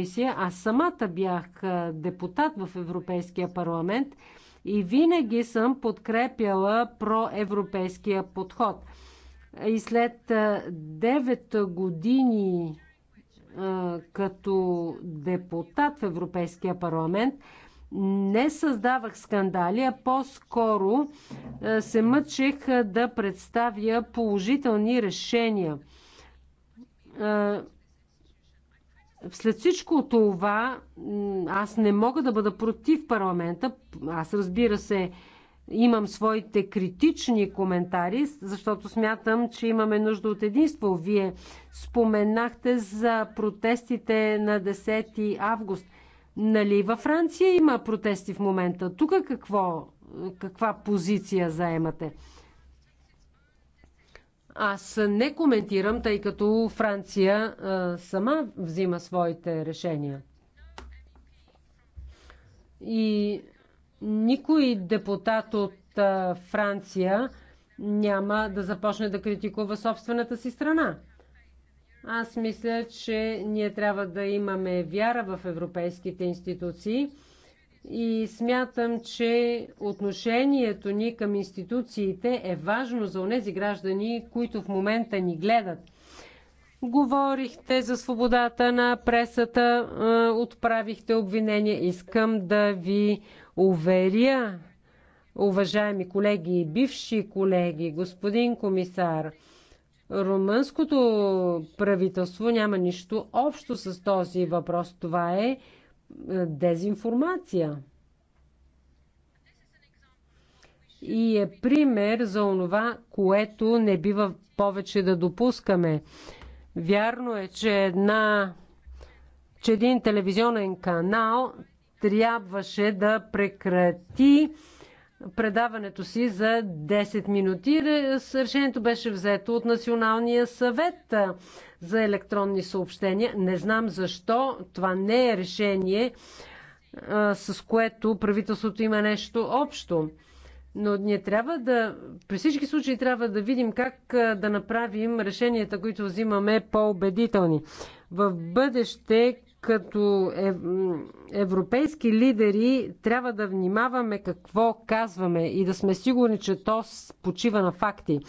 комисия. Аз самата бях депутат в Европейския парламент и винаги съм подкрепяла проевропейския подход. И след 9 години като депутат в Европейския парламент, не създавах скандали, а по-скоро се мъчех да представя положителни решения след всичко това, аз не мога да бъда против парламента. Аз разбира се, имам своите критични коментари, защото смятам, че имаме нужда от единство. Вие споменахте за протестите на 10 август. Нали във Франция има протести в момента? Тук какво, каква позиция заемате? Аз не коментирам, тъй като Франция а, сама взима своите решения. И никой депутат от а, Франция няма да започне да критикува собствената си страна. Аз мисля, че ние трябва да имаме вяра в европейските институции и смятам, че отношението ни към институциите е важно за онези граждани, които в момента ни гледат. Говорихте за свободата на пресата, отправихте обвинения. Искам да ви уверя, уважаеми колеги и бивши колеги, господин комисар, румънското правителство няма нищо общо с този въпрос. Това е е, дезинформация. И е пример за онова, което не бива повече да допускаме. Вярно е, че една че един телевизионен канал трябваше да прекрати предаването си за 10 минути. Решението беше взето от Националния съвет за електронни съобщения. Не знам защо това не е решение, с което правителството има нещо общо. Но ние трябва да, при всички случаи трябва да видим как да направим решенията, които взимаме по-убедителни. В бъдеще, като е, европейски лидери, трябва да внимаваме какво казваме и да сме сигурни, че то почива на факти.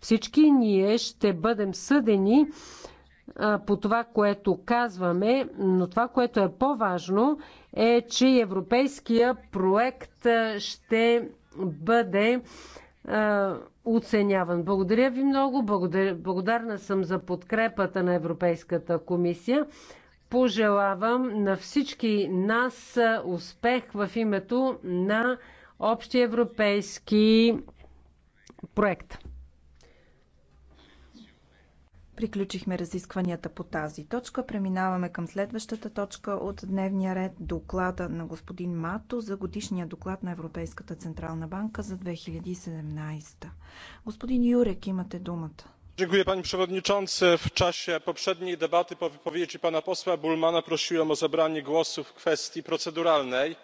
Всички ние ще бъдем съдени по това, което казваме, но това, което е по-важно, е, че европейския проект ще бъде оценяван. Благодаря ви много. благодарна съм за подкрепата на Европейската комисия. Пожелавам на всички нас успех в името на общия европейски проект. Приключихме разискванията по тази точка. Преминаваме към следващата точка от дневния ред доклада на господин Мато за годишния доклад на Европейската Централна банка за 2017. Господин Юрек, имате думата. Dziękuję panie przewodniczący. W czasie poprzedniej debaty po wypowiedzi pana posła Bulmana prosiłem o zabranie głosu w kwestii proceduralnej.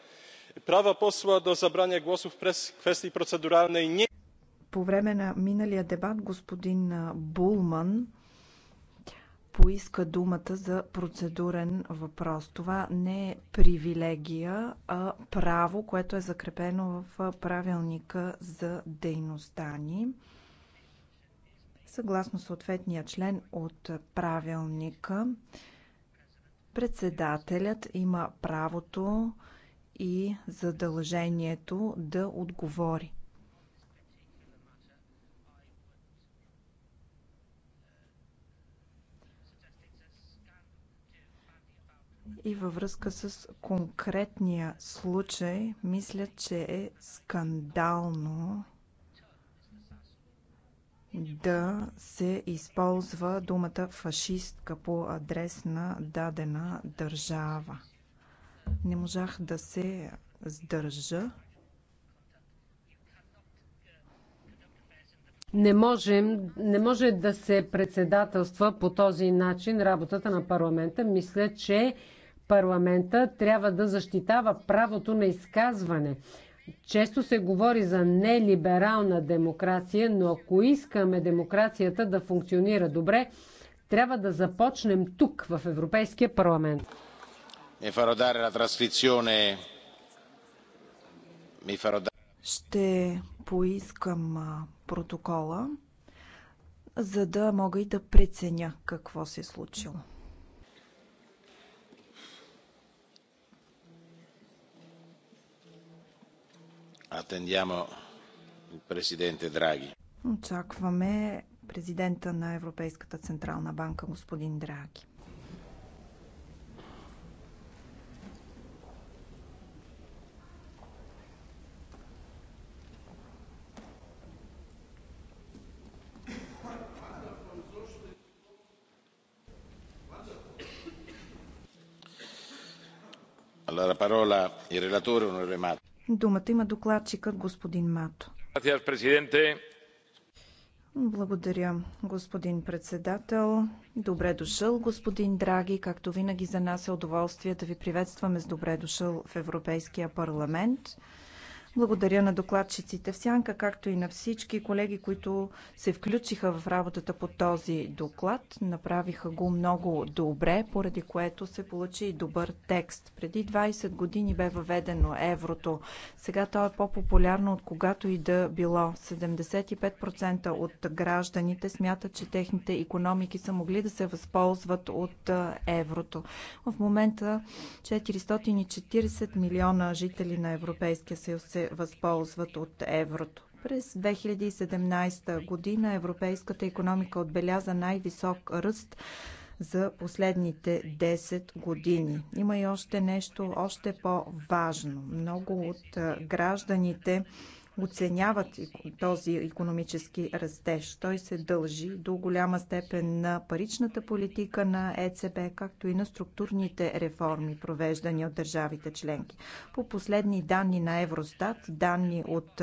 Prawo posła do zabrania głosu w kwestii proceduralnej nie. Po време на миналия дебат господин Булман поиска думата за процедурен въпрос. Това не е привилегия, а право, което е закрепено в правилника за дейността ни. Съгласно съответния член от правилника, председателят има правото и задължението да отговори И във връзка с конкретния случай, мисля, че е скандално да се използва думата фашистка по адрес на дадена държава. Не можах да се сдържа. Не, можем, не може да се председателства по този начин работата на парламента. Мисля, че парламента трябва да защитава правото на изказване. Често се говори за нелиберална демокрация, но ако искаме демокрацията да функционира добре, трябва да започнем тук, в Европейския парламент. Ще поискам протокола, за да мога и да преценя какво се е случило. Attendiamo il presidente Draghi. Очакваме президента на Европейската централна банка, господин Драги. Allora, parola il relatore, onorevole Mato. Думата има докладчикът господин Мато. Благодаря, господин председател. Добре дошъл, господин Драги. Както винаги за нас е удоволствие да ви приветстваме с добре дошъл в Европейския парламент. Благодаря на докладчиците в Сянка, както и на всички колеги, които се включиха в работата по този доклад. Направиха го много добре, поради което се получи и добър текст. Преди 20 години бе въведено еврото. Сега то е по-популярно от когато и да било. 75% от гражданите смятат, че техните економики са могли да се възползват от еврото. В момента 440 милиона жители на Европейския съюз се възползват от еврото. През 2017 година европейската економика отбеляза най-висок ръст за последните 10 години. Има и още нещо, още по-важно. Много от гражданите оценяват този икономически растеж. Той се дължи до голяма степен на паричната политика на ЕЦБ, както и на структурните реформи, провеждани от държавите членки. По последни данни на Евростат, данни от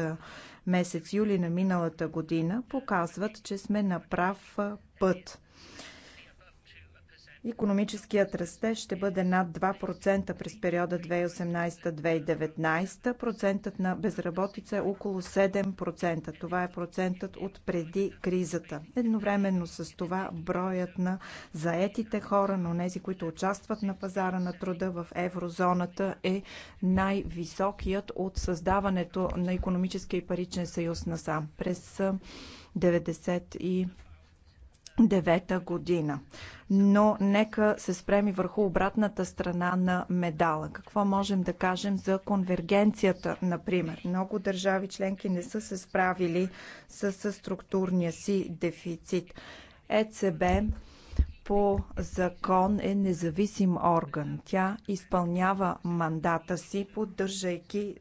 месец юли на миналата година, показват, че сме на прав път Икономическият растеж ще бъде над 2% през периода 2018-2019. Процентът на безработица е около 7%. Това е процентът от преди кризата. Едновременно с това броят на заетите хора, на нези, които участват на пазара на труда в еврозоната е най-високият от създаването на економическия и паричен съюз насам. През 90 и 2009 година. Но нека се спреми върху обратната страна на медала. Какво можем да кажем за конвергенцията, например? Много държави членки не са се справили с структурния си дефицит. ЕЦБ по закон е независим орган. Тя изпълнява мандата си, поддържайки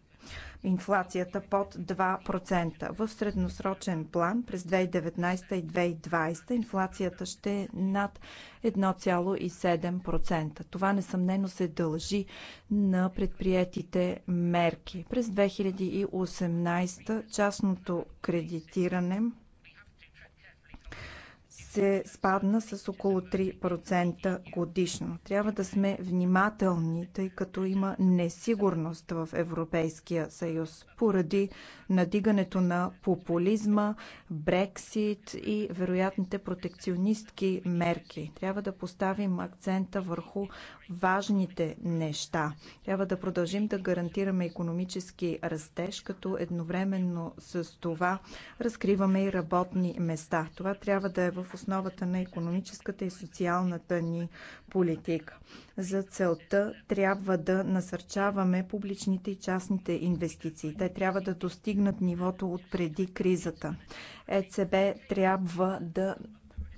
инфлацията под 2%. В средносрочен план през 2019 и 2020 инфлацията ще е над 1,7%. Това несъмнено се дължи на предприетите мерки. През 2018 частното кредитиране се спадна с около 3% годишно. Трябва да сме внимателни, тъй като има несигурност в Европейския съюз поради надигането на популизма, Брексит и вероятните протекционистки мерки. Трябва да поставим акцента върху важните неща. Трябва да продължим да гарантираме економически растеж, като едновременно с това разкриваме и работни места. Това трябва да е в основата на економическата и социалната ни политика. За целта трябва да насърчаваме публичните и частните инвестиции. Те трябва да достигнат нивото от преди кризата. ЕЦБ трябва да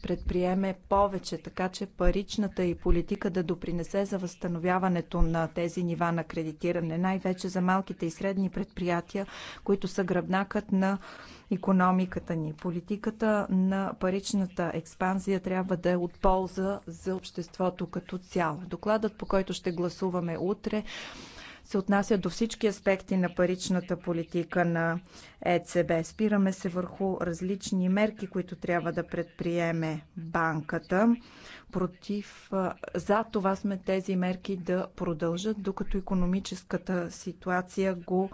предприеме повече, така че паричната и политика да допринесе за възстановяването на тези нива на кредитиране, най-вече за малките и средни предприятия, които са гръбнакът на економиката ни. Политиката на паричната експанзия трябва да е от полза за обществото като цяло. Докладът, по който ще гласуваме утре, се отнася до всички аспекти на паричната политика на ЕЦБ. Спираме се върху различни мерки, които трябва да предприеме банката. Против, за това сме тези мерки да продължат, докато економическата ситуация го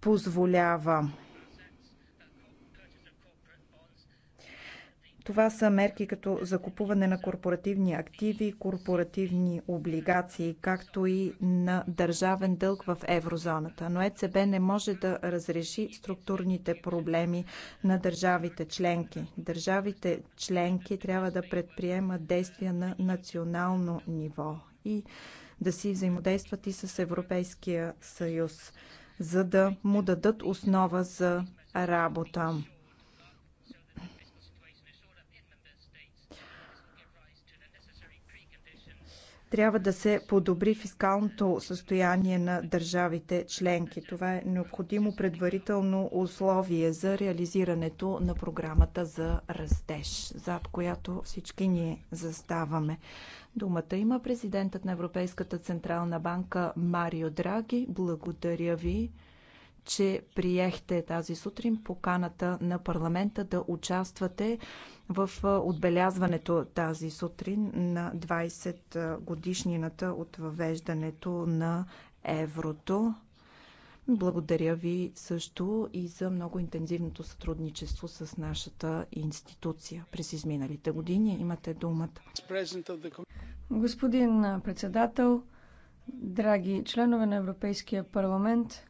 позволява. Това са мерки като закупуване на корпоративни активи, корпоративни облигации, както и на държавен дълг в еврозоната. Но ЕЦБ не може да разреши структурните проблеми на държавите членки. Държавите членки трябва да предприемат действия на национално ниво и да си взаимодействат и с Европейския съюз, за да му дадат основа за работа. Трябва да се подобри фискалното състояние на държавите членки. Това е необходимо предварително условие за реализирането на програмата за растеж, зад която всички ние заставаме. Думата има президентът на Европейската централна банка Марио Драги. Благодаря ви че приехте тази сутрин поканата на парламента да участвате в отбелязването тази сутрин на 20 годишнината от въвеждането на еврото. Благодаря ви също и за много интензивното сътрудничество с нашата институция през изминалите години. Имате думата. Господин председател, драги членове на Европейския парламент,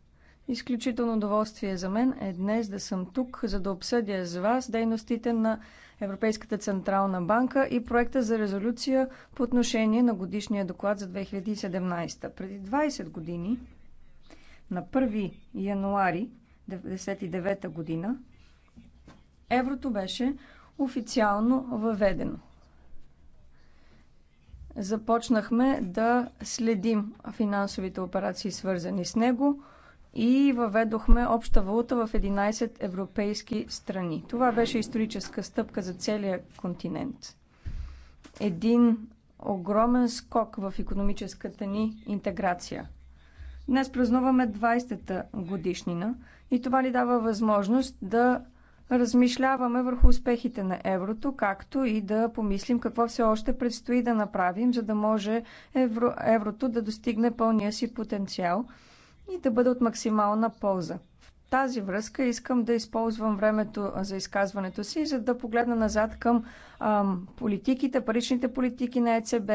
Изключително удоволствие за мен е днес да съм тук, за да обсъдя с вас дейностите на Европейската Централна банка и проекта за резолюция по отношение на годишния доклад за 2017. Преди 20 години, на 1 януари 1999 година, еврото беше официално въведено. Започнахме да следим финансовите операции, свързани с него, и въведохме обща валута в 11 европейски страни. Това беше историческа стъпка за целия континент. Един огромен скок в економическата ни интеграция. Днес празнуваме 20-та годишнина и това ни дава възможност да размишляваме върху успехите на еврото, както и да помислим какво все още предстои да направим, за да може евро, еврото да достигне пълния си потенциал – и да бъде от максимална полза. В тази връзка искам да използвам времето за изказването си, за да погледна назад към ам, политиките, паричните политики на ЕЦБ,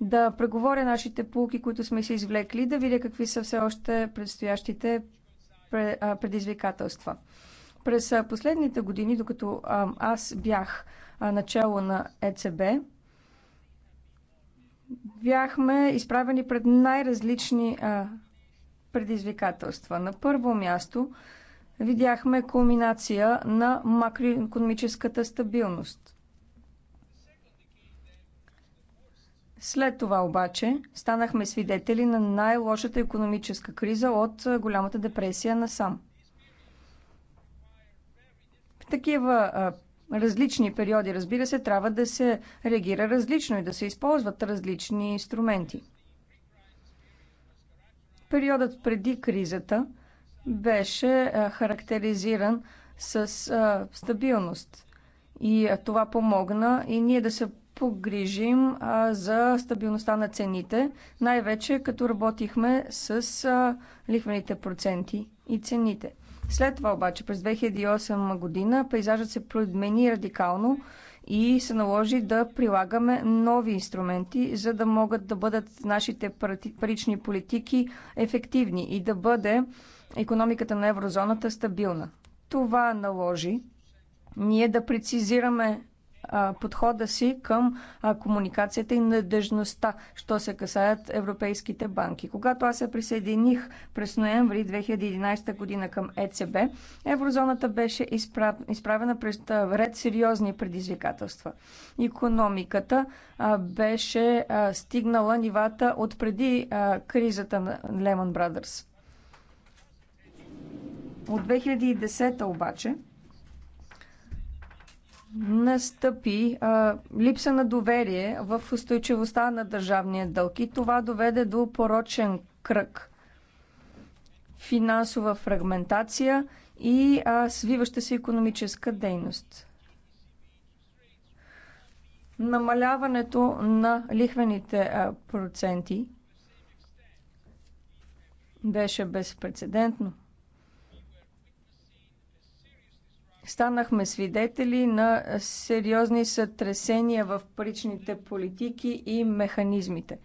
да преговоря нашите полки, които сме си извлекли, да видя какви са все още предстоящите предизвикателства. През последните години, докато аз бях начало на ЕЦБ, бяхме изправени пред най-различни предизвикателства. На първо място видяхме кулминация на макроекономическата стабилност. След това обаче станахме свидетели на най-лошата економическа криза от голямата депресия насам. В такива различни периоди, разбира се, трябва да се реагира различно и да се използват различни инструменти. Периодът преди кризата беше характеризиран с стабилност. И това помогна и ние да се погрижим за стабилността на цените, най-вече като работихме с лихвените проценти и цените. След това обаче, през 2008 година, пейзажът се промени радикално и се наложи да прилагаме нови инструменти, за да могат да бъдат нашите парични политики ефективни и да бъде економиката на еврозоната стабилна. Това наложи ние да прецизираме подхода си към комуникацията и надежността, що се касаят европейските банки. Когато аз се присъединих през ноември 2011 година към ЕЦБ, еврозоната беше изправена през ред сериозни предизвикателства. Економиката беше стигнала нивата от преди кризата на Lehman Brothers. От 2010 обаче настъпи а, липса на доверие в устойчивостта на държавния дълг и това доведе до порочен кръг. Финансова фрагментация и а, свиваща се економическа дейност. Намаляването на лихвените а, проценти беше безпредседентно. станахме свидетели на сериозни сътресения в паричните политики и механизмите,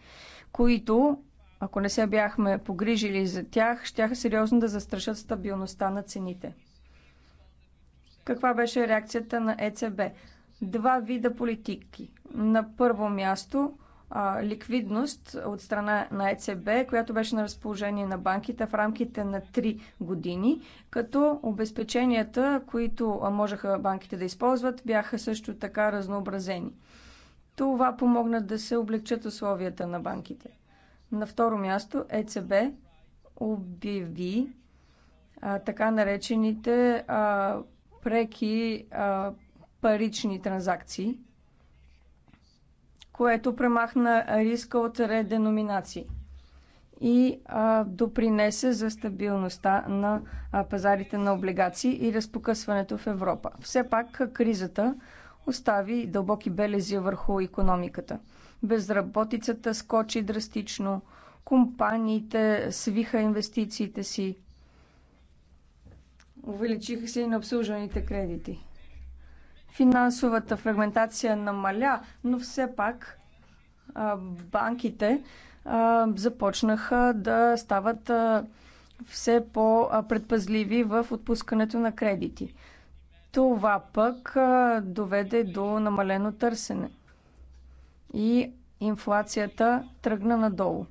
които, ако не се бяхме погрижили за тях, щяха сериозно да застрашат стабилността на цените. Каква беше реакцията на ЕЦБ? Два вида политики. На първо място – ликвидност от страна на ЕЦБ, която беше на разположение на банките в рамките на 3 години, като обезпеченията, които можеха банките да използват, бяха също така разнообразени. Това помогна да се облегчат условията на банките. На второ място ЕЦБ обяви а, така наречените а, преки а, парични транзакции – което премахна риска от реденоминации и а, допринесе за стабилността на а, пазарите на облигации и разпокъсването в Европа. Все пак кризата остави дълбоки белези върху економиката. Безработицата скочи драстично, компаниите свиха инвестициите си, увеличиха се и на обслужваните кредити. Финансовата фрагментация намаля, но все пак банките започнаха да стават все по-предпазливи в отпускането на кредити. Това пък доведе до намалено търсене и инфлацията тръгна надолу.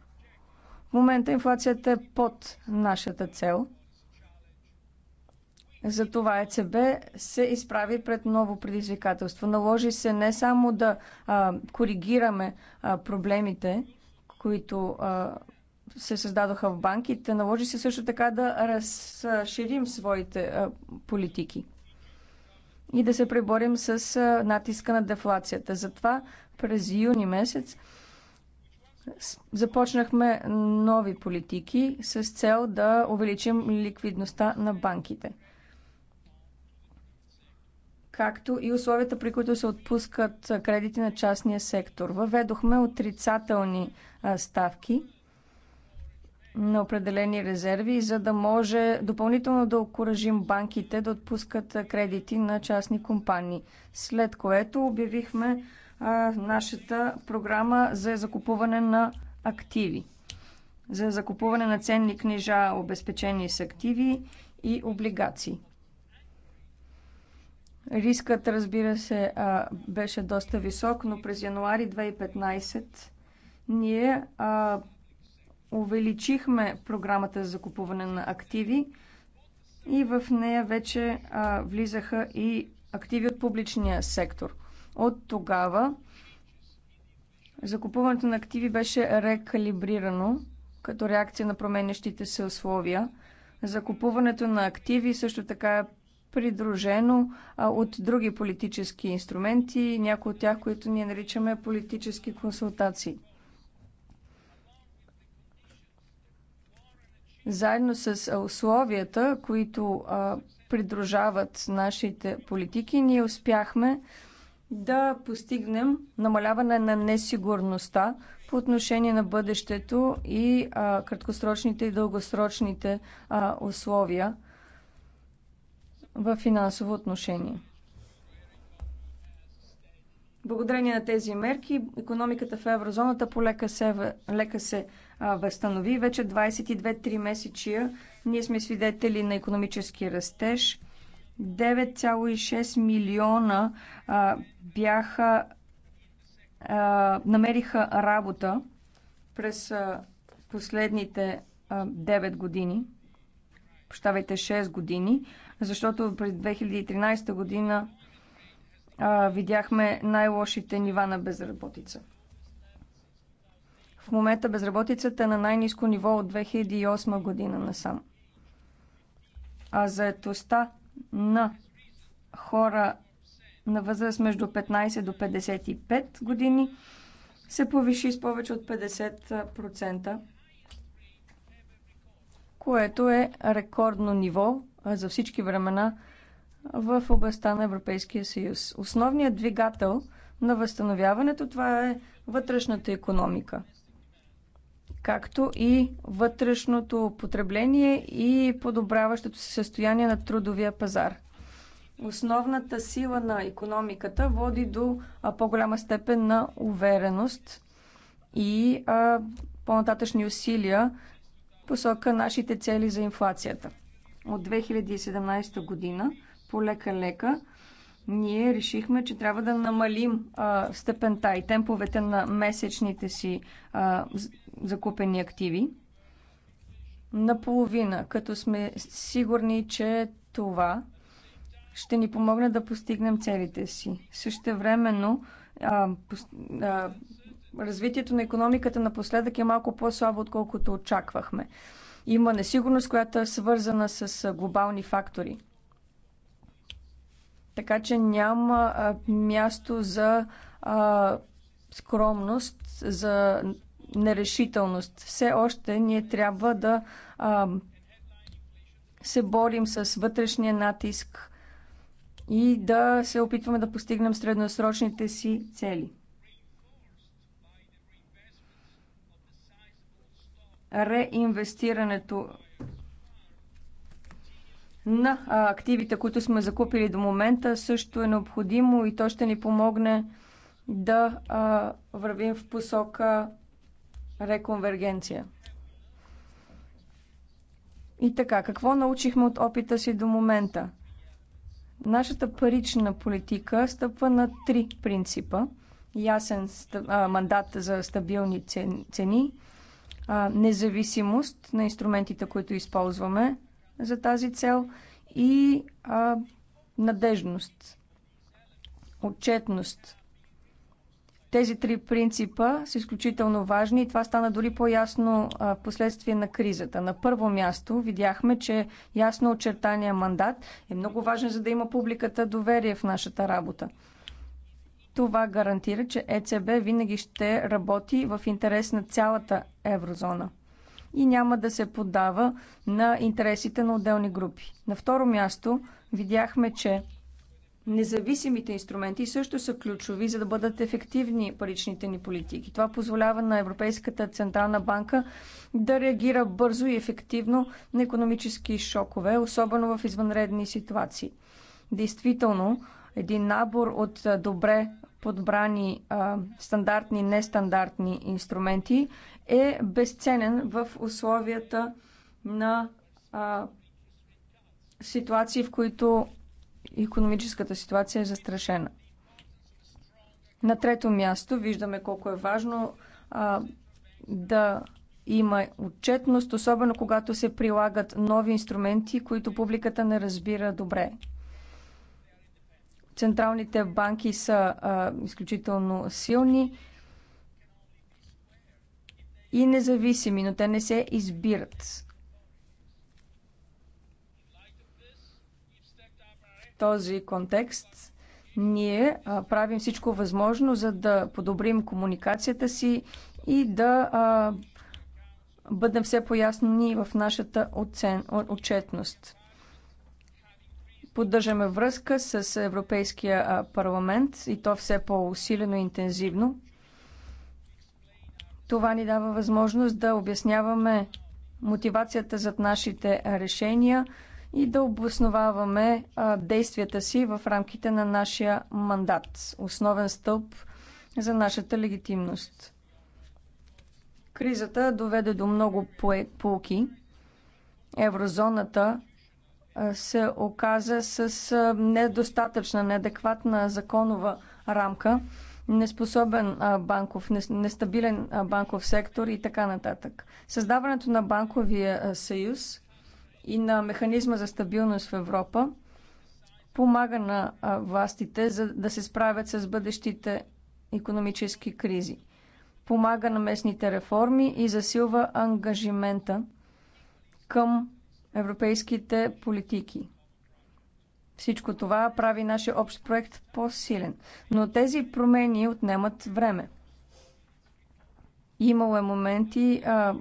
В момента инфлацията е под нашата цел – затова ЕЦБ се изправи пред ново предизвикателство. Наложи се не само да а, коригираме а, проблемите, които а, се създадоха в банките, наложи се също така да разширим своите а, политики и да се преборим с а, натиска на дефлацията. Затова през юни месец започнахме нови политики с цел да увеличим ликвидността на банките както и условията, при които се отпускат кредити на частния сектор. Въведохме отрицателни ставки на определени резерви, за да може допълнително да окоръжим банките да отпускат кредити на частни компании. След което обявихме а, нашата програма за закупуване на активи. За закупуване на ценни книжа, обезпечени с активи и облигации. Рискът, разбира се, беше доста висок, но през януари 2015 ние увеличихме програмата за закупуване на активи и в нея вече влизаха и активи от публичния сектор. От тогава закупуването на активи беше рекалибрирано като реакция на променящите се условия. Закупуването на активи също така е придружено от други политически инструменти, някои от тях, които ние наричаме политически консултации. Заедно с условията, които придружават нашите политики, ние успяхме да постигнем намаляване на несигурността по отношение на бъдещето и а, краткосрочните и дългосрочните а, условия в финансово отношение. Благодарение на тези мерки, економиката в еврозоната полека се, лека се а, възстанови. Вече 22-3 месечия ние сме свидетели на економически растеж. 9,6 милиона а, бяха а, намериха работа през а, последните а, 9 години, Пощавайте, 6 години защото през 2013 година а, видяхме най-лошите нива на безработица. В момента безработицата е на най-низко ниво от 2008 година насам. А заетостта на хора на възраст между 15 до 55 години се повиши с повече от 50%, което е рекордно ниво за всички времена в областта на Европейския съюз. Основният двигател на възстановяването това е вътрешната економика, както и вътрешното потребление и подобряващото се състояние на трудовия пазар. Основната сила на економиката води до по-голяма степен на увереност и по-нататъчни усилия посока нашите цели за инфлацията от 2017 година, полека-лека, ние решихме, че трябва да намалим а, степента и темповете на месечните си а, закупени активи наполовина, като сме сигурни, че това ще ни помогне да постигнем целите си. времено, а, а, развитието на економиката напоследък е малко по-слабо, отколкото очаквахме. Има несигурност, която е свързана с глобални фактори. Така че няма място за а, скромност, за нерешителност. Все още ние трябва да а, се борим с вътрешния натиск и да се опитваме да постигнем средносрочните си цели. реинвестирането на активите, които сме закупили до момента, също е необходимо и то ще ни помогне да вървим в посока реконвергенция. И така, какво научихме от опита си до момента? Нашата парична политика стъпва на три принципа. Ясен мандат за стабилни цени, независимост на инструментите, които използваме за тази цел и а, надежност, отчетност. Тези три принципа са изключително важни и това стана дори по-ясно в последствие на кризата. На първо място видяхме, че ясно очертания мандат е много важен, за да има публиката доверие в нашата работа. Това гарантира, че ЕЦБ винаги ще работи в интерес на цялата еврозона и няма да се поддава на интересите на отделни групи. На второ място видяхме, че независимите инструменти също са ключови, за да бъдат ефективни паричните ни политики. Това позволява на Европейската централна банка да реагира бързо и ефективно на економически шокове, особено в извънредни ситуации. Действително, един набор от добре подбрани а, стандартни и нестандартни инструменти, е безценен в условията на а, ситуации, в които економическата ситуация е застрашена. На трето място виждаме колко е важно а, да има отчетност, особено когато се прилагат нови инструменти, които публиката не разбира добре. Централните банки са а, изключително силни и независими, но те не се избират. В този контекст ние а, правим всичко възможно, за да подобрим комуникацията си и да а, бъдем все поясни в нашата оцен, отчетност. Поддържаме връзка с Европейския парламент и то все по-усилено и интензивно. Това ни дава възможност да обясняваме мотивацията зад нашите решения и да обосноваваме действията си в рамките на нашия мандат, основен стълб за нашата легитимност. Кризата доведе до много полки. Еврозоната се оказа с недостатъчна, неадекватна законова рамка, неспособен банков, нестабилен банков сектор и така нататък. Създаването на банковия съюз и на механизма за стабилност в Европа помага на властите за да се справят с бъдещите економически кризи. Помага на местните реформи и засилва ангажимента към европейските политики. Всичко това прави нашия общ проект по-силен. Но тези промени отнемат време. Имало е моменти, а,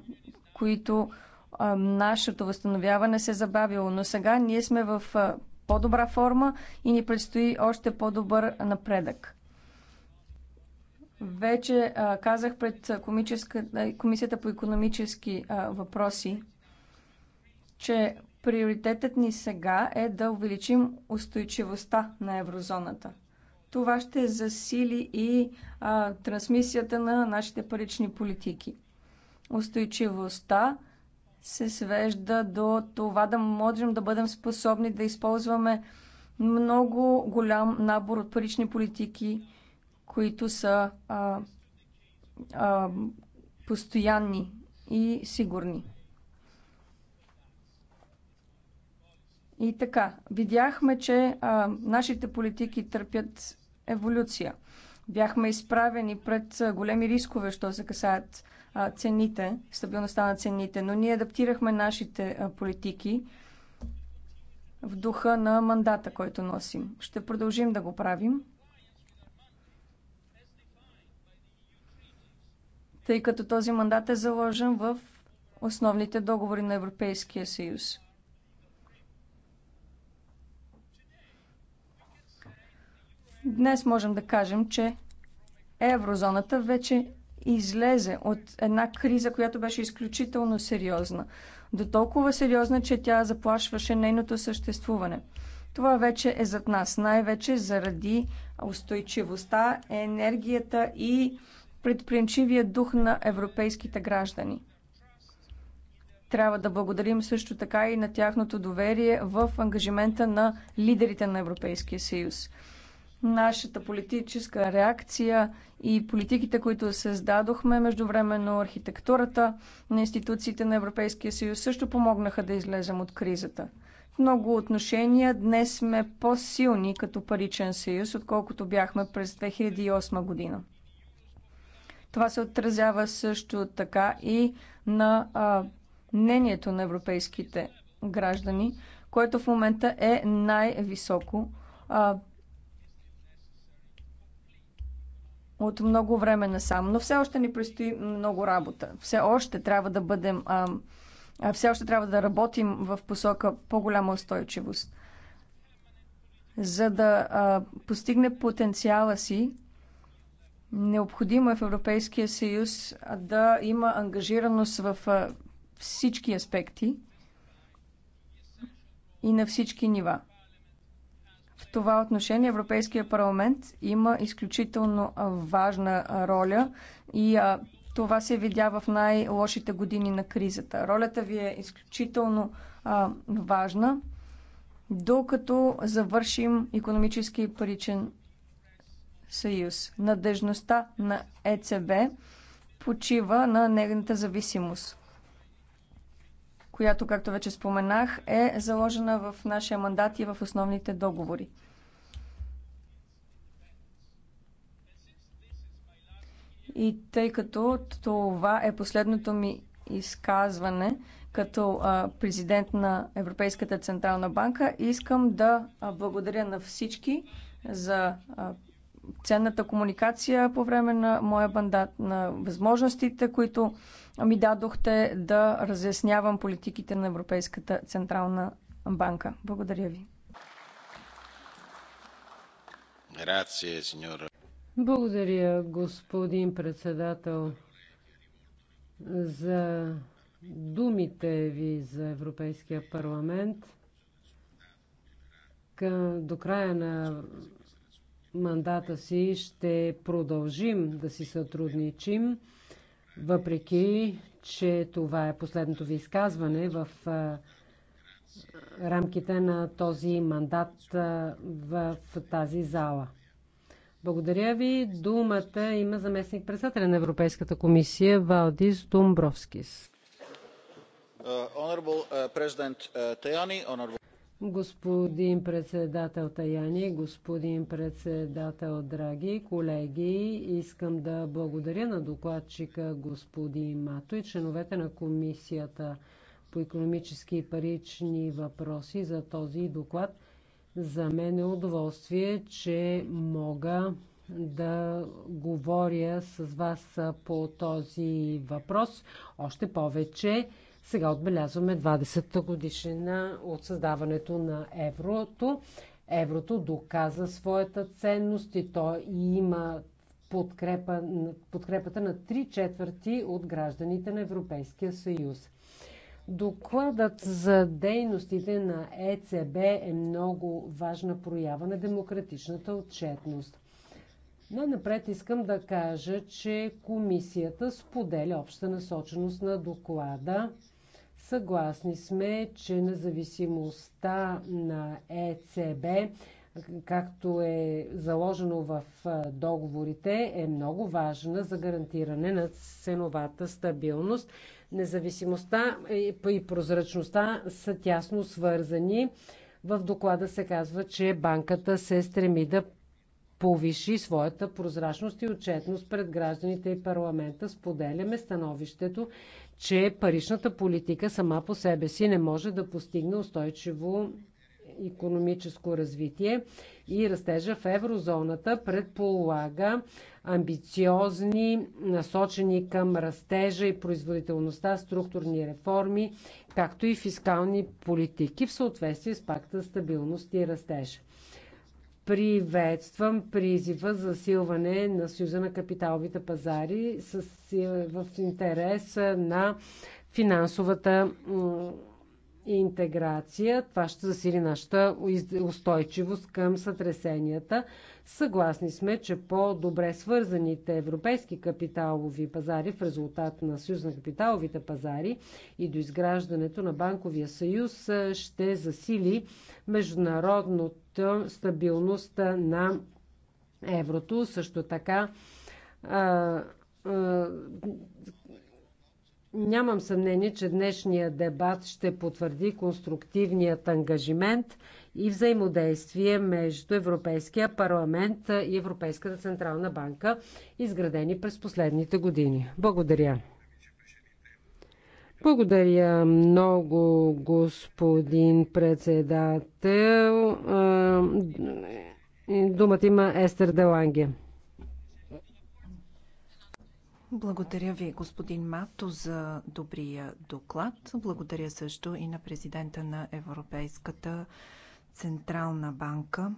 които а, нашето възстановяване се забавило, но сега ние сме в а, по-добра форма и ни предстои още по-добър напредък. Вече а, казах пред комисията по економически а, въпроси, че приоритетът ни сега е да увеличим устойчивостта на еврозоната. Това ще засили и а, трансмисията на нашите парични политики. Устойчивостта се свежда до това да можем да бъдем способни да използваме много голям набор от парични политики, които са а, а, постоянни и сигурни. И така, видяхме, че а, нашите политики търпят еволюция. Бяхме изправени пред големи рискове, що се касаят а, цените, стабилността на цените, но ние адаптирахме нашите а, политики в духа на мандата, който носим. Ще продължим да го правим. Тъй като този мандат е заложен в основните договори на Европейския съюз. Днес можем да кажем, че еврозоната вече излезе от една криза, която беше изключително сериозна. До толкова сериозна, че тя заплашваше нейното съществуване. Това вече е зад нас, най-вече заради устойчивостта, енергията и предприемчивия дух на европейските граждани. Трябва да благодарим също така и на тяхното доверие в ангажимента на лидерите на Европейския съюз нашата политическа реакция и политиките, които създадохме. Междувременно архитектурата на институциите на Европейския съюз също помогнаха да излезем от кризата. В много отношения днес сме по-силни като паричен съюз, отколкото бяхме през 2008 година. Това се отразява също така и на а, мнението на европейските граждани, което в момента е най-високо от много време насам, но все още ни предстои много работа. Все още трябва да бъдем, а, все още трябва да работим в посока по-голяма устойчивост. За да а, постигне потенциала си, необходимо е в Европейския съюз да има ангажираност в а, всички аспекти и на всички нива. В това отношение Европейския парламент има изключително важна роля и а, това се видя в най-лошите години на кризата. Ролята ви е изключително а, важна, докато завършим економически и паричен съюз. Надежността на ЕЦБ почива на нейната зависимост която, както вече споменах, е заложена в нашия мандат и в основните договори. И тъй като това е последното ми изказване като президент на Европейската централна банка, искам да благодаря на всички за ценната комуникация по време на моя бандат на възможностите, които ми дадохте да разяснявам политиките на Европейската централна банка. Благодаря ви. Благодаря, господин председател, за думите ви за Европейския парламент. До края на мандата си ще продължим да си сътрудничим, въпреки че това е последното ви изказване в рамките на този мандат в тази зала. Благодаря ви. Думата има заместник председателя на Европейската комисия Валдис Думбровскис. Uh, honorable uh, Господин председател Таяни, господин председател Драги, колеги, искам да благодаря на докладчика господин Мато и членовете на комисията по економически и парични въпроси за този доклад. За мен е удоволствие, че мога да говоря с вас по този въпрос. Още повече, сега отбелязваме 20-та годишнина от създаването на еврото. Еврото доказа своята ценност и то има подкрепа, подкрепата на 3 четвърти от гражданите на Европейския съюз. Докладът за дейностите на ЕЦБ е много важна проява на демократичната отчетност. Най-напред искам да кажа, че комисията споделя обща насоченост на доклада Съгласни сме, че независимостта на ЕЦБ, както е заложено в договорите, е много важна за гарантиране на ценовата стабилност. Независимостта и прозрачността са тясно свързани. В доклада се казва, че банката се стреми да повиши своята прозрачност и отчетност пред гражданите и парламента. Споделяме становището, че паричната политика сама по себе си не може да постигне устойчиво економическо развитие и растежа в еврозоната предполага амбициозни, насочени към растежа и производителността, структурни реформи, както и фискални политики в съответствие с пакта стабилност и растеж приветствам призива за силване на Съюза на капиталовите пазари с, в интерес на финансовата и интеграция. Това ще засили нашата устойчивост към сътресенията. Съгласни сме, че по-добре свързаните европейски капиталови пазари в резултат на съюз на капиталовите пазари и до изграждането на банковия съюз ще засили международната стабилност на еврото. Също така Нямам съмнение, че днешния дебат ще потвърди конструктивният ангажимент и взаимодействие между Европейския парламент и Европейската централна банка, изградени през последните години. Благодаря. Благодаря много, господин председател. Думата има Естер Деланге. Благодаря ви, господин Мато, за добрия доклад. Благодаря също и на президента на Европейската централна банка.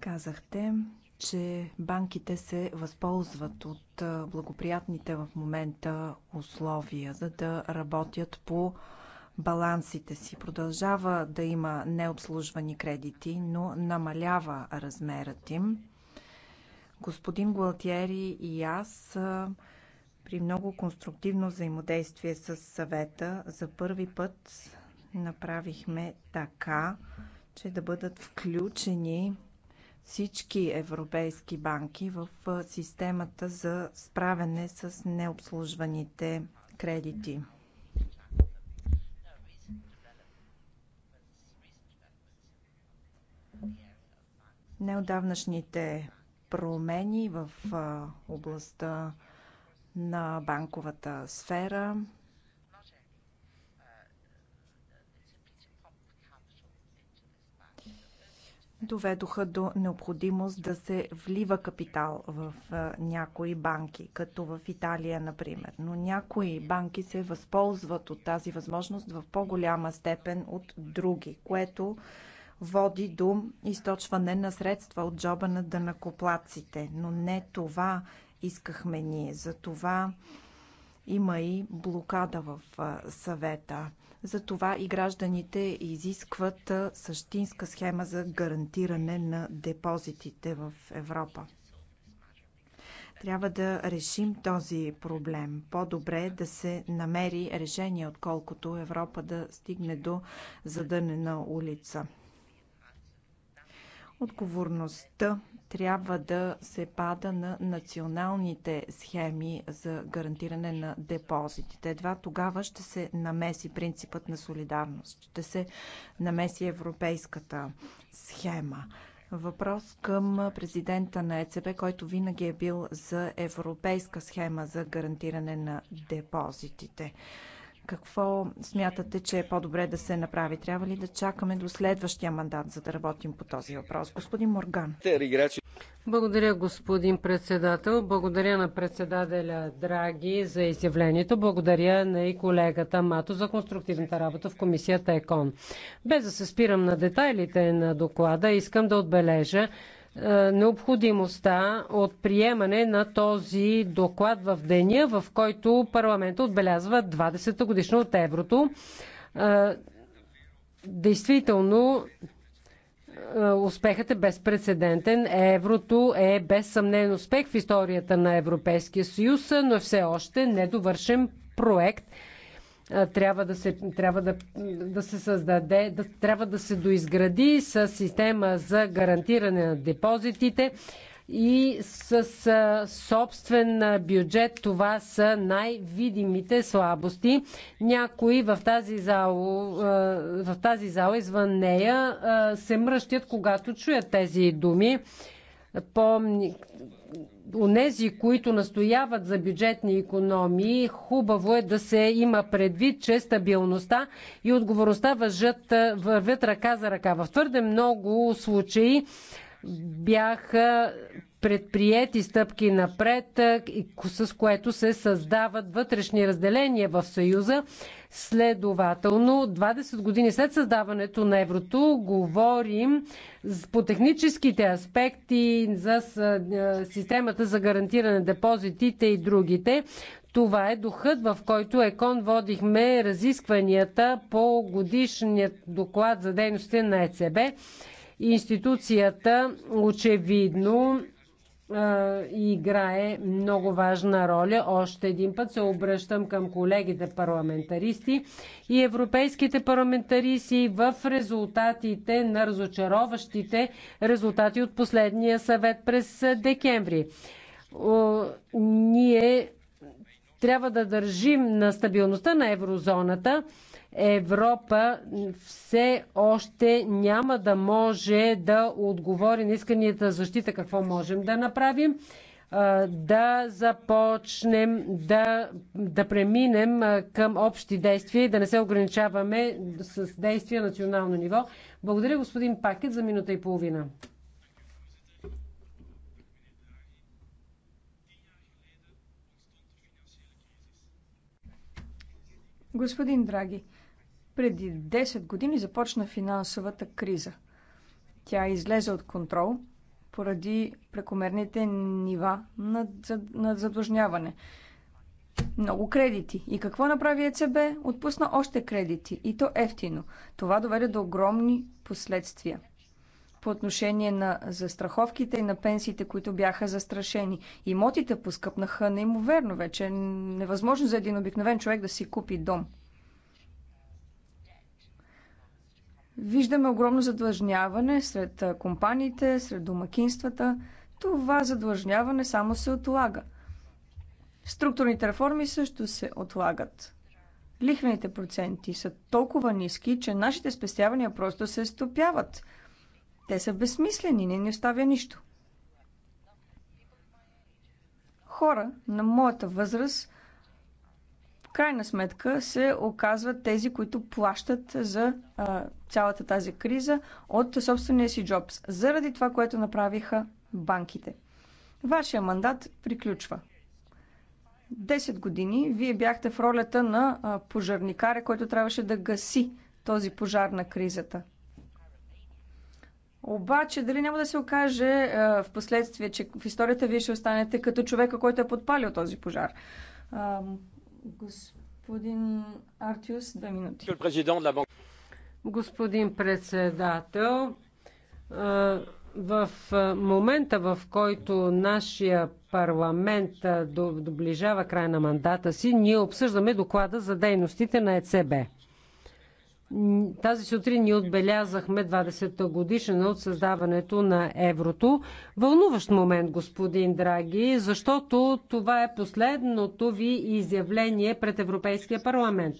Казахте, че банките се възползват от благоприятните в момента условия, за да работят по балансите си. Продължава да има необслужвани кредити, но намалява размерът им. Господин Гуалтиери и аз при много конструктивно взаимодействие с съвета за първи път направихме така, че да бъдат включени всички европейски банки в системата за справяне с необслужваните кредити. Неодавнашните промени в областта на банковата сфера доведоха до необходимост да се влива капитал в някои банки, като в Италия, например. Но някои банки се възползват от тази възможност в по-голяма степен от други, което води до източване на средства от джоба на дънакоплаците. Но не това искахме ние. Затова има и блокада в съвета. Затова и гражданите изискват същинска схема за гарантиране на депозитите в Европа. Трябва да решим този проблем. По-добре е да се намери решение, отколкото Европа да стигне до задънена улица. Отговорността трябва да се пада на националните схеми за гарантиране на депозитите. Едва тогава ще се намеси принципът на солидарност, ще се намеси европейската схема. Въпрос към президента на ЕЦБ, който винаги е бил за европейска схема за гарантиране на депозитите. Какво смятате, че е по-добре да се направи? Трябва ли да чакаме до следващия мандат, за да работим по този въпрос? Господин Морган. Благодаря, господин председател. Благодаря на председателя Драги за изявлението. Благодаря на и колегата Мато за конструктивната работа в комисията ЕКОН. Без да се спирам на детайлите на доклада, искам да отбележа, е, необходимостта от приемане на този доклад в деня, в който парламента отбелязва 20-та годишна от еврото. Е, действително, е, успехът е безпредседентен. Еврото е без съмнен успех в историята на Европейския съюз, но е все още недовършен проект – трябва да се, трябва да, да се създаде, да, трябва да се доизгради с система за гарантиране на депозитите и с собствен бюджет. Това са най-видимите слабости. Някои в тази, зала, в тази зала, извън нея, се мръщят, когато чуят тези думи. Помни, Онези, които настояват за бюджетни економии, хубаво е да се има предвид, че стабилността и отговорността въжат, вървят ръка за ръка. В твърде много случаи бяха предприети стъпки напред, с което се създават вътрешни разделения в Съюза. Следователно, 20 години след създаването на еврото, говорим по техническите аспекти за системата за гарантиране на депозитите и другите. Това е духът, в който ЕКОН водихме разискванията по годишният доклад за дейности на ЕЦБ. Институцията очевидно играе много важна роля. Още един път се обръщам към колегите парламентаристи и европейските парламентаристи в резултатите на разочароващите резултати от последния съвет през декември. Ние трябва да държим на стабилността на еврозоната Европа все още няма да може да отговори на исканията защита. Какво можем да направим? да започнем да, да преминем към общи действия и да не се ограничаваме с действия на национално ниво. Благодаря господин Пакет за минута и половина. Господин Драги, преди 10 години започна финансовата криза. Тя излезе от контрол поради прекомерните нива на, задлъжняване. Много кредити. И какво направи ЕЦБ? Отпусна още кредити. И то ефтино. Това доведе до огромни последствия по отношение на застраховките и на пенсиите, които бяха застрашени. Имотите поскъпнаха неимоверно вече. Е невъзможно за един обикновен човек да си купи дом. Виждаме огромно задлъжняване сред компаниите, сред домакинствата. Това задлъжняване само се отлага. Структурните реформи също се отлагат. Лихвените проценти са толкова ниски, че нашите спестявания просто се стопяват. Те са безсмислени, не ни оставя нищо. Хора на моята възраст – крайна сметка се оказват тези, които плащат за а, цялата тази криза от собствения си джобс, заради това, което направиха банките. Вашия мандат приключва. 10 години вие бяхте в ролята на пожарникаря, който трябваше да гаси този пожар на кризата. Обаче, дали няма да се окаже в последствие, че в историята вие ще останете като човека, който е подпалил този пожар? Господин Артиус, две минути. Господин председател, в момента, в който нашия парламент доближава край на мандата си, ние обсъждаме доклада за дейностите на ЕЦБ. Тази сутрин ни отбелязахме 20-та годишна от създаването на еврото. Вълнуващ момент, господин Драги, защото това е последното ви изявление пред Европейския парламент.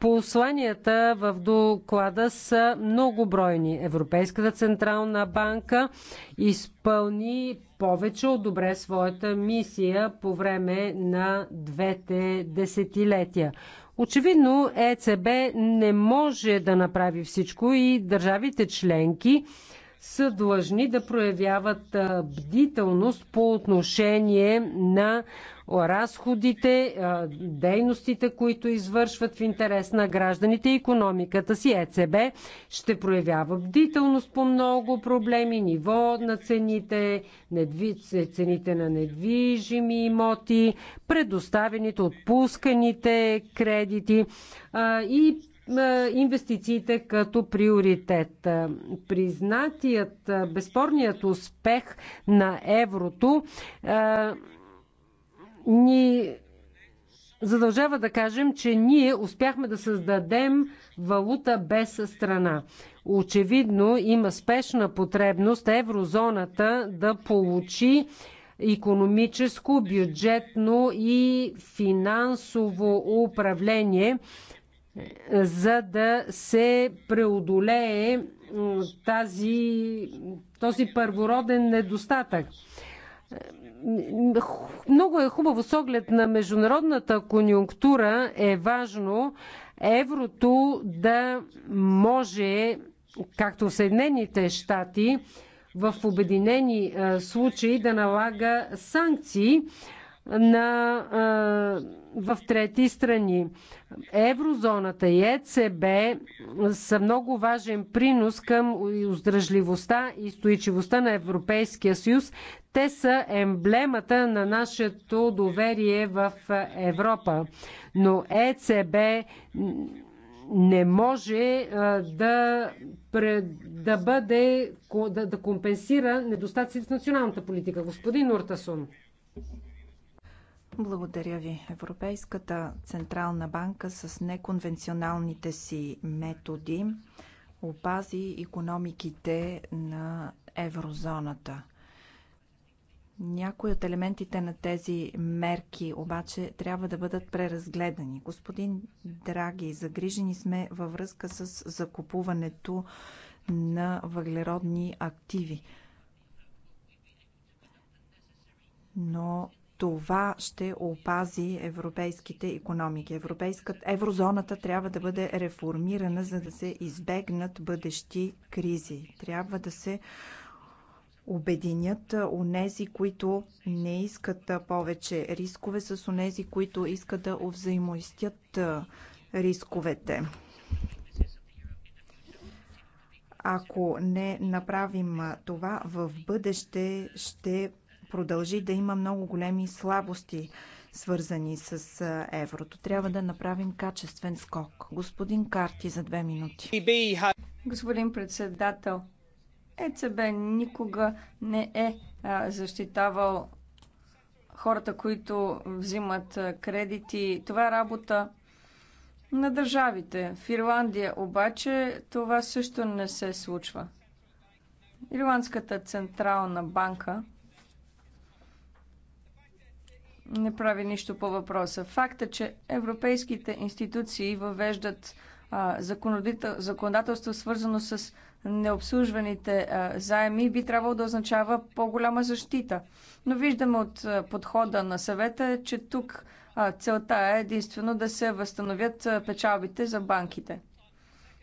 Посланията в доклада са многобройни. Европейската централна банка изпълни повече от добре своята мисия по време на двете десетилетия. Очевидно ЕЦБ не може да направи всичко и държавите членки са длъжни да проявяват бдителност по отношение на разходите, дейностите, които извършват в интерес на гражданите и економиката си. ЕЦБ ще проявява бдителност по много проблеми, ниво на цените, цените на недвижими имоти, предоставените, отпусканите кредити и инвестициите като приоритет. Признатият безспорният успех на еврото ни задължава да кажем, че ние успяхме да създадем валута без страна. Очевидно има спешна потребност еврозоната да получи економическо, бюджетно и финансово управление, за да се преодолее тази, този първороден недостатък. Много е хубаво с оглед на международната конюнктура е важно еврото да може, както в Съединените щати, в обединени случаи да налага санкции на в трети страни. Еврозоната и ЕЦБ са много важен принос към издръжливостта и стоичивостта на Европейския съюз. Те са емблемата на нашето доверие в Европа. Но ЕЦБ не може да, да бъде да, да компенсира недостатъците в националната политика. Господин Уртасун. Благодаря ви. Европейската централна банка с неконвенционалните си методи опази икономиките на еврозоната. Някои от елементите на тези мерки обаче трябва да бъдат преразгледани. Господин Драги, загрижени сме във връзка с закупуването на въглеродни активи. Но това ще опази европейските економики. еврозоната трябва да бъде реформирана, за да се избегнат бъдещи кризи. Трябва да се обединят онези, които не искат повече рискове, с онези, които искат да взаимоистят рисковете. Ако не направим това в бъдеще, ще продължи да има много големи слабости, свързани с еврото. Трябва да направим качествен скок. Господин Карти за две минути. Господин председател, ЕЦБ никога не е защитавал хората, които взимат кредити. Това е работа на държавите. В Ирландия обаче това също не се случва. Ирландската централна банка не прави нищо по въпроса. Факта, че европейските институции въвеждат а, законодателство, свързано с необслужваните а, заеми, би трябвало да означава по-голяма защита. Но виждаме от а, подхода на съвета, че тук а, целта е единствено да се възстановят а, печалбите за банките.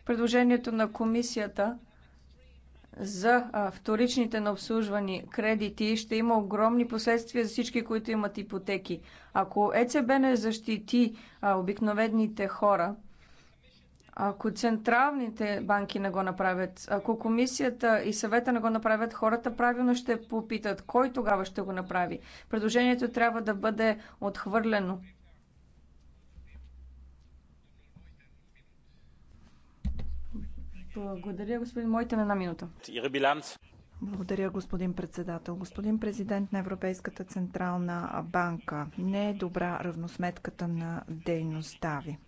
Предложението на комисията за вторичните на обслужвани кредити ще има огромни последствия за всички, които имат ипотеки. Ако ЕЦБ не защити обикновените хора, ако централните банки не го направят, ако комисията и съвета не го направят, хората правилно ще попитат кой тогава ще го направи. Предложението трябва да бъде отхвърлено. Благодаря, господин Мойте, на една минута. Благодаря, господин председател. Господин президент на Европейската централна банка, не е добра равносметката на дейността ви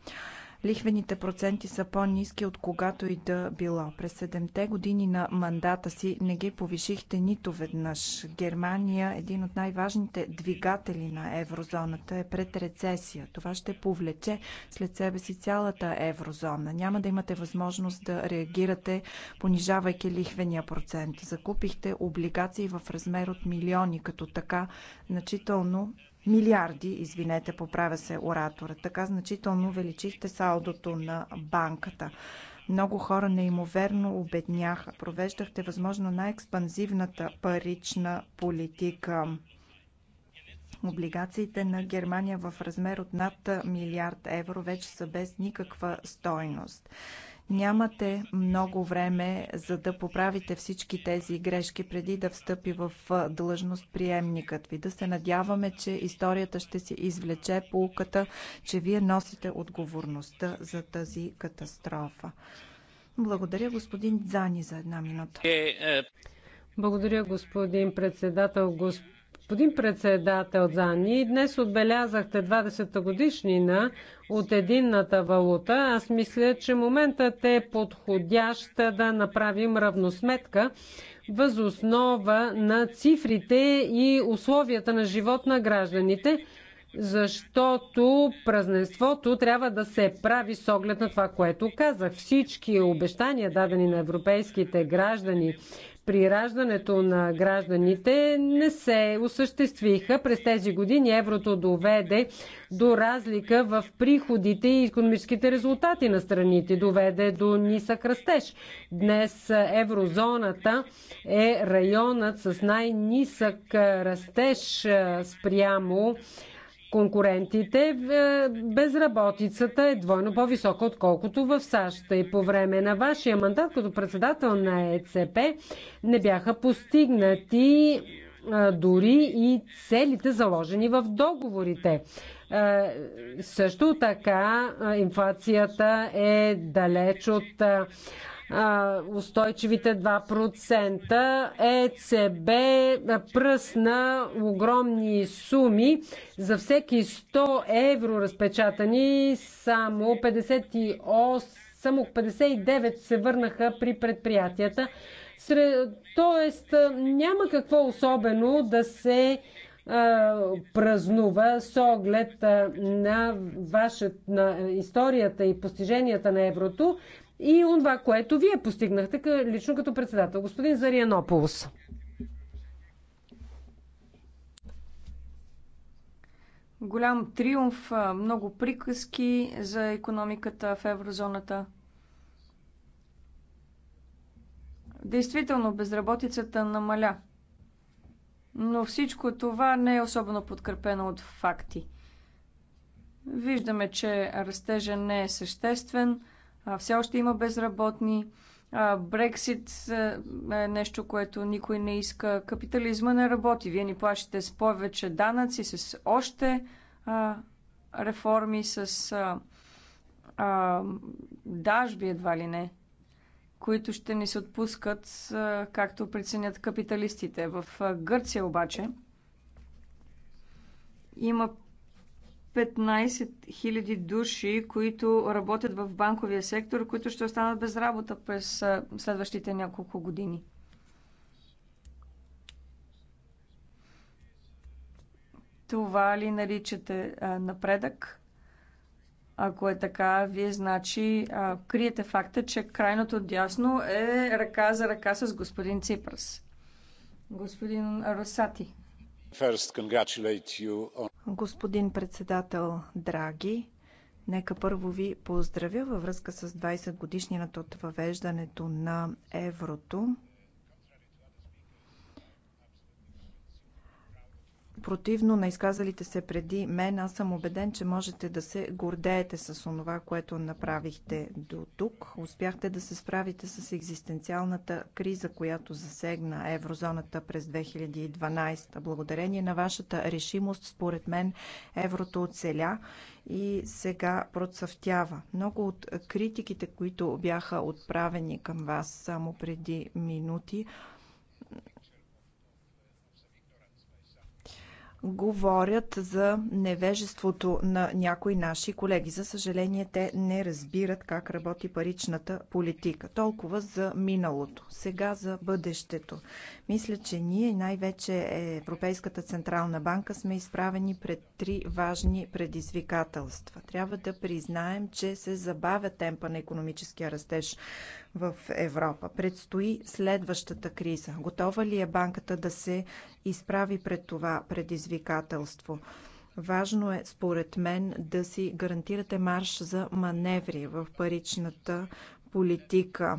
лихвените проценти са по-низки от когато и да било. През седемте години на мандата си не ги повишихте нито веднъж. Германия, един от най-важните двигатели на еврозоната, е пред рецесия. Това ще повлече след себе си цялата еврозона. Няма да имате възможност да реагирате, понижавайки лихвения процент. Закупихте облигации в размер от милиони, като така значително милиарди, извинете, поправя се оратора. Така значително увеличихте салдото на банката. Много хора неимоверно обедняха. Провеждахте възможно най-експанзивната парична политика. Облигациите на Германия в размер от над милиард евро вече са без никаква стойност. Нямате много време за да поправите всички тези грешки преди да встъпи в длъжност приемникът ви. Да се надяваме, че историята ще си извлече полуката, че вие носите отговорността за тази катастрофа. Благодаря господин Дзани за една минута. Е, е. Благодаря господин председател, господин Господин председател Зани, днес отбелязахте 20-та годишнина от единната валута. Аз мисля, че моментът е подходящ да направим равносметка възоснова на цифрите и условията на живот на гражданите, защото празненството трябва да се прави с оглед на това, което казах. Всички обещания, дадени на европейските граждани, при раждането на гражданите не се осъществиха. През тези години еврото доведе до разлика в приходите и економическите резултати на страните, доведе до нисък растеж. Днес еврозоната е районът с най-нисък растеж спрямо конкурентите, е, безработицата е двойно по-висока, отколкото в САЩ. И по време на вашия мандат като председател на ЕЦП не бяха постигнати е, дори и целите заложени в договорите. Е, също така инфлацията е далеч от устойчивите 2%. ЕЦБ пръсна огромни суми. За всеки 100 евро разпечатани само 58 само 59 се върнаха при предприятията. Сред... Тоест няма какво особено да се празнува с оглед на, вашата на историята и постиженията на еврото и това, което вие постигнахте лично като председател. Господин Зарианополос. Голям триумф, много приказки за економиката в еврозоната. Действително, безработицата намаля. Но всичко това не е особено подкрепено от факти. Виждаме, че растежа не е съществен – все още има безработни. Брексит е нещо, което никой не иска. Капитализма не работи. Вие ни плащате с повече данъци, с още а, реформи, с а, а, дажби едва ли не, които ще ни се отпускат, а, както преценят капиталистите. В Гърция обаче има 15 000 души, които работят в банковия сектор, които ще останат без работа през следващите няколко години. Това ли наричате а, напредък? Ако е така, вие значи а, криете факта, че крайното дясно е ръка за ръка с господин Ципрас. Господин Росати. Господин председател Драги, нека първо ви поздравя във връзка с 20 годишнината от въвеждането на еврото. Противно на изказалите се преди мен, аз съм убеден, че можете да се гордеете с онова, което направихте до тук. Успяхте да се справите с екзистенциалната криза, която засегна еврозоната през 2012. Благодарение на вашата решимост, според мен, еврото оцеля и сега процъфтява. Много от критиките, които бяха отправени към вас само преди минути, говорят за невежеството на някои наши колеги. За съжаление, те не разбират как работи паричната политика. Толкова за миналото, сега за бъдещето. Мисля, че ние, най-вече Европейската Централна банка, сме изправени пред три важни предизвикателства. Трябва да признаем, че се забавя темпа на економическия растеж в Европа. Предстои следващата криза. Готова ли е банката да се изправи пред това предизвикателство. Важно е, според мен, да си гарантирате марш за маневри в паричната политика.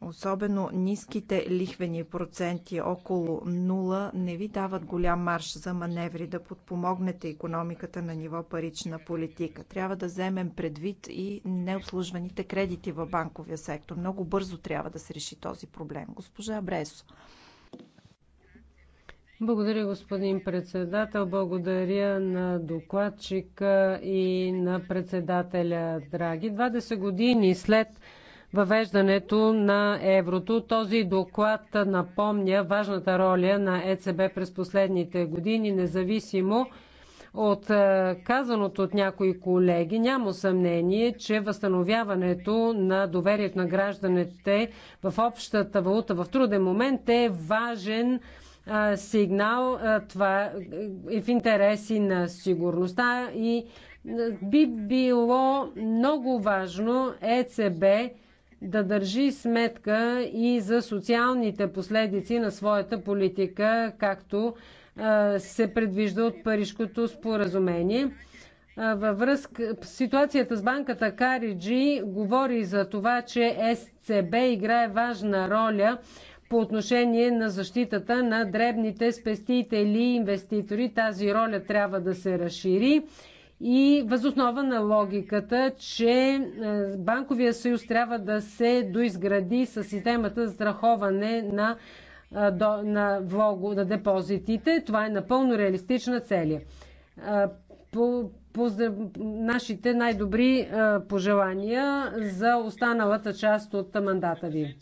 Особено ниските лихвени проценти около 0 не ви дават голям марш за маневри да подпомогнете економиката на ниво парична политика. Трябва да вземем предвид и необслужваните кредити в банковия сектор. Много бързо трябва да се реши този проблем. Госпожа Бресо. Благодаря, господин председател. Благодаря на докладчика и на председателя Драги. 20 години след въвеждането на еврото. Този доклад напомня важната роля на ЕЦБ през последните години, независимо от е, казаното от някои колеги, няма съмнение, че възстановяването на доверието на гражданите в общата валута в труден момент е важен сигнал. Това е в интереси на сигурността и би било много важно ЕЦБ да държи сметка и за социалните последици на своята политика, както се предвижда от Парижкото споразумение. Във връзка ситуацията с банката Кариджи говори за това, че СЦБ играе важна роля по отношение на защитата на дребните спестители и инвеститори. Тази роля трябва да се разшири и възоснова на логиката, че е, Банковия съюз трябва да се доизгради с системата за страховане на, е, на, влогу, на депозитите. Това е напълно реалистична цели. Е, по, по, нашите най-добри пожелания за останалата част от мандата ви.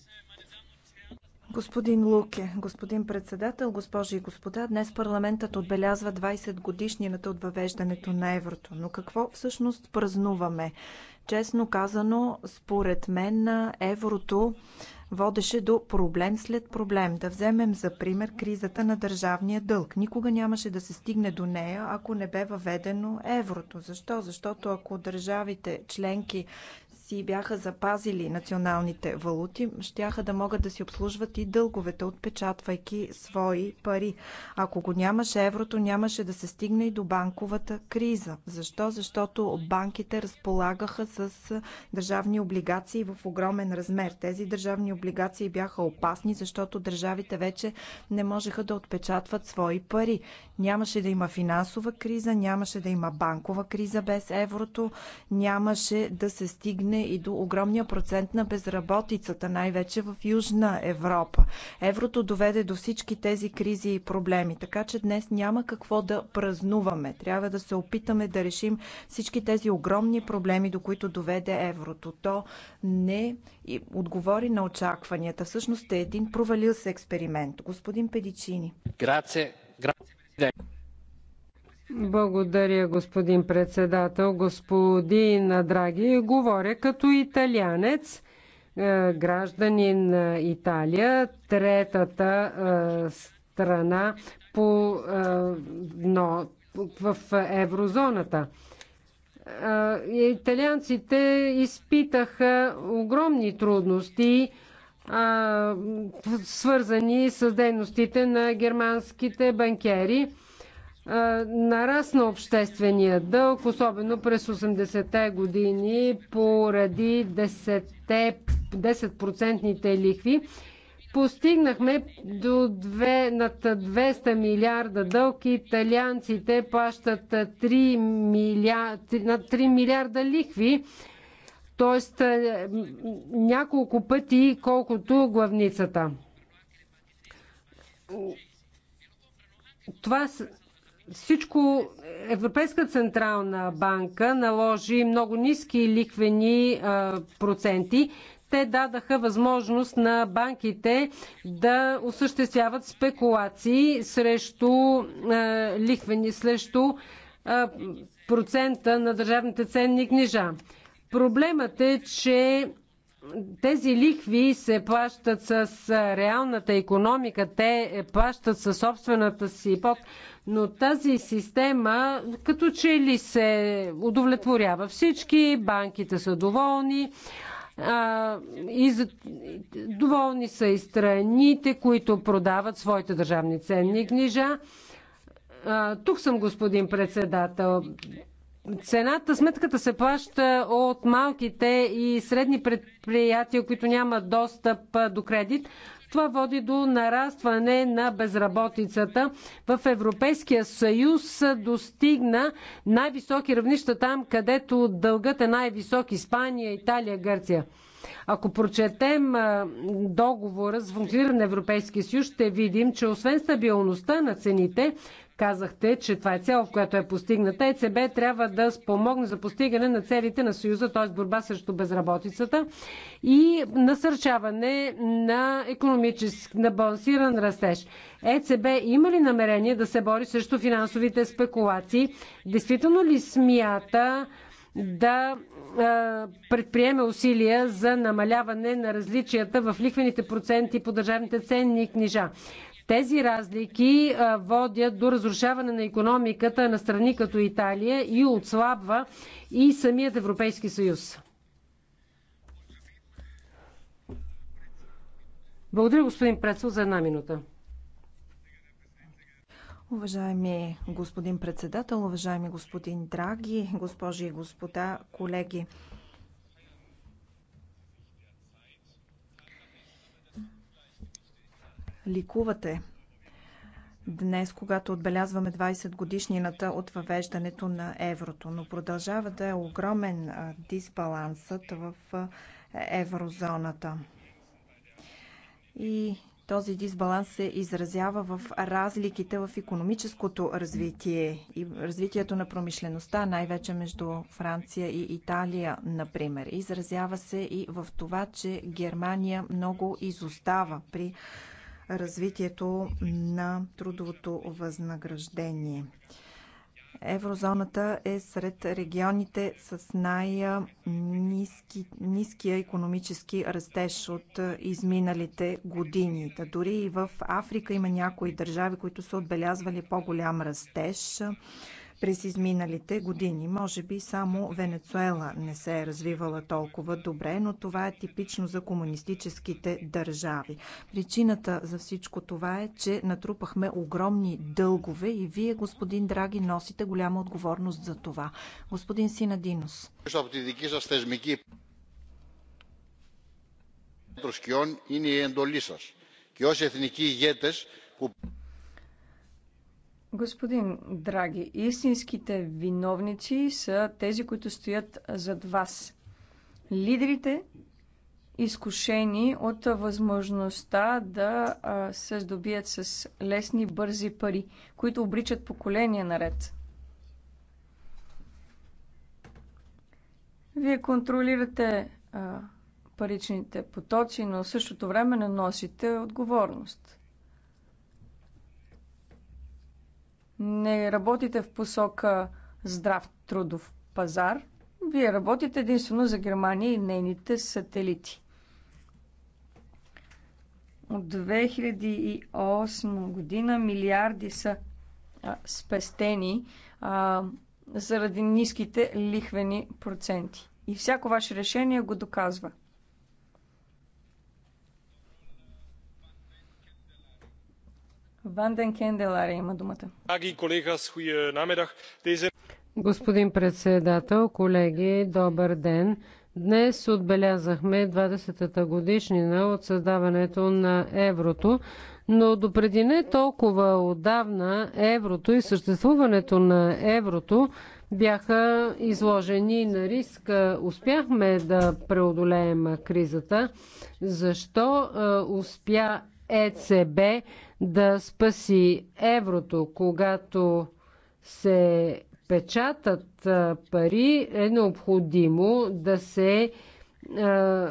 Господин Луке, господин председател, госпожи и господа, днес парламентът отбелязва 20 годишнината от въвеждането на еврото. Но какво всъщност празнуваме? Честно казано, според мен еврото водеше до проблем след проблем. Да вземем за пример кризата на държавния дълг. Никога нямаше да се стигне до нея, ако не бе въведено еврото. Защо? Защото ако държавите членки си бяха запазили националните валути, щяха да могат да си обслужват и дълговете, отпечатвайки свои пари. Ако го нямаше еврото, нямаше да се стигне и до банковата криза. Защо? Защото банките разполагаха с държавни облигации в огромен размер. Тези държавни облигации бяха опасни, защото държавите вече не можеха да отпечатват свои пари. Нямаше да има финансова криза, нямаше да има банкова криза без еврото, нямаше да се стигне доведе и до огромния процент на безработицата, най-вече в Южна Европа. Еврото доведе до всички тези кризи и проблеми, така че днес няма какво да празнуваме. Трябва да се опитаме да решим всички тези огромни проблеми, до които доведе еврото. То не отговори на очакванията. Всъщност е един провалил се експеримент. Господин Педичини. Грация. Грация. Благодаря, господин председател. Господин Драги, говоря като италянец, е, гражданин на Италия, третата е, страна по, е, но, в еврозоната. Италианците изпитаха огромни трудности, свързани с дейностите на германските банкери нарасна обществения дълг, особено през 80-те години, поради 10-процентните 10 лихви. Постигнахме до 2, над 200 милиарда дълг. Италианците плащат 3 милиарда, над 3 милиарда лихви, т.е. няколко пъти колкото главницата. Това са всичко Европейска централна банка наложи много ниски ликвени проценти. Те дадаха възможност на банките да осъществяват спекулации срещу лихвени срещу процента на държавните ценни книжа. Проблемът е, че тези лихви се плащат с реалната економика, те е, плащат със собствената си пот, но тази система като че ли се удовлетворява всички, банките са доволни, а, и за, доволни са и страните, които продават своите държавни ценни книжа. А, тук съм, господин председател. Цената, сметката се плаща от малките и средни предприятия, които нямат достъп до кредит. Това води до нарастване на безработицата. В Европейския съюз достигна най-високи равнища там, където дългът е най-висок Испания, Италия, Гърция. Ако прочетем договора за функциониране на Европейския съюз, ще видим, че освен стабилността на цените, Казахте, че това е цел, в която е постигната. ЕЦБ трябва да спомогне за постигане на целите на Съюза, т.е. борба срещу безработицата и насърчаване на економически, на балансиран растеж. ЕЦБ има ли намерение да се бори срещу финансовите спекулации? Действително ли смята да предприеме усилия за намаляване на различията в лихвените проценти по държавните ценни книжа. Тези разлики водят до разрушаване на економиката на страни като Италия и отслабва и самият Европейски съюз. Благодаря, господин Прецел, за една минута. Уважаеми господин председател, уважаеми господин Драги, госпожи и господа, колеги. ликувате днес, когато отбелязваме 20 годишнината от въвеждането на еврото, но продължава да е огромен дисбалансът в еврозоната. И този дисбаланс се изразява в разликите в економическото развитие и развитието на промишлеността, най-вече между Франция и Италия, например. Изразява се и в това, че Германия много изостава при развитието на трудовото възнаграждение. Еврозоната е сред регионите с най низкия економически растеж от изминалите години. Та дори и в Африка има някои държави, които са отбелязвали по-голям растеж през изминалите години. Може би само Венецуела не се е развивала толкова добре, но това е типично за комунистическите държави. Причината за всичко това е, че натрупахме огромни дългове и вие, господин Драги, носите голяма отговорност за това. Господин Синадинос. Προσκιών είναι η εντολή σας και ως εθνικοί ηγέτες που Господин Драги, истинските виновници са тези, които стоят зад вас. Лидерите, изкушени от възможността да се здобият с лесни, бързи пари, които обричат поколения наред. Вие контролирате а, паричните потоци, но в същото време не носите отговорност. не работите в посока здрав трудов пазар. Вие работите единствено за Германия и нейните сателити. От 2008 година милиарди са а, спестени а, заради ниските лихвени проценти. И всяко ваше решение го доказва. Ванден Кенделаре има думата. Е, Господин председател, колеги, добър ден. Днес отбелязахме 20-та годишнина от създаването на еврото, но допреди не толкова отдавна еврото и съществуването на еврото бяха изложени на риск. Е, успяхме да преодолеем кризата. Защо е, успя ЕЦБ да спаси еврото. Когато се печатат пари, е необходимо да се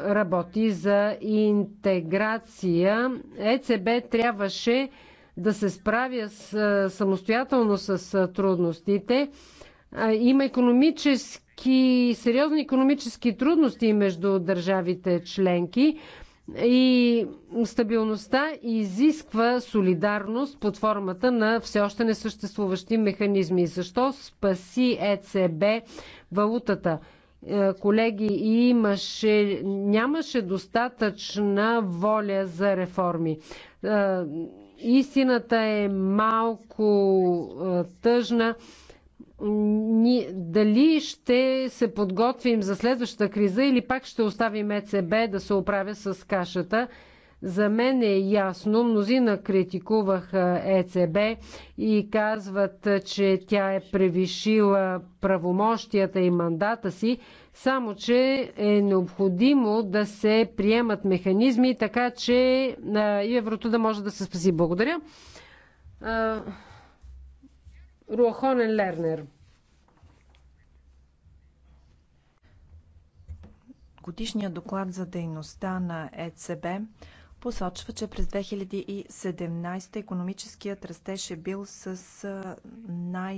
работи за интеграция. ЕЦБ трябваше да се справя с, самостоятелно с трудностите. Има економически, сериозни економически трудности между държавите членки. И стабилността изисква солидарност под формата на все още несъществуващи механизми. Защо спаси ЕЦБ валутата? Е, колеги, имаше, нямаше достатъчна воля за реформи. Е, истината е малко е, тъжна дали ще се подготвим за следващата криза или пак ще оставим ЕЦБ да се оправя с кашата. За мен е ясно, мнозина критикуваха ЕЦБ и казват, че тя е превишила правомощията и мандата си, само че е необходимо да се приемат механизми, така че и еврото да може да се спаси. Благодаря. Руахонен Лернер. Годишният доклад за дейността на ЕЦБ посочва, че през 2017 економическият растеж е бил с най-